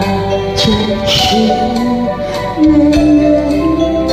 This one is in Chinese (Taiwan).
那真是美美。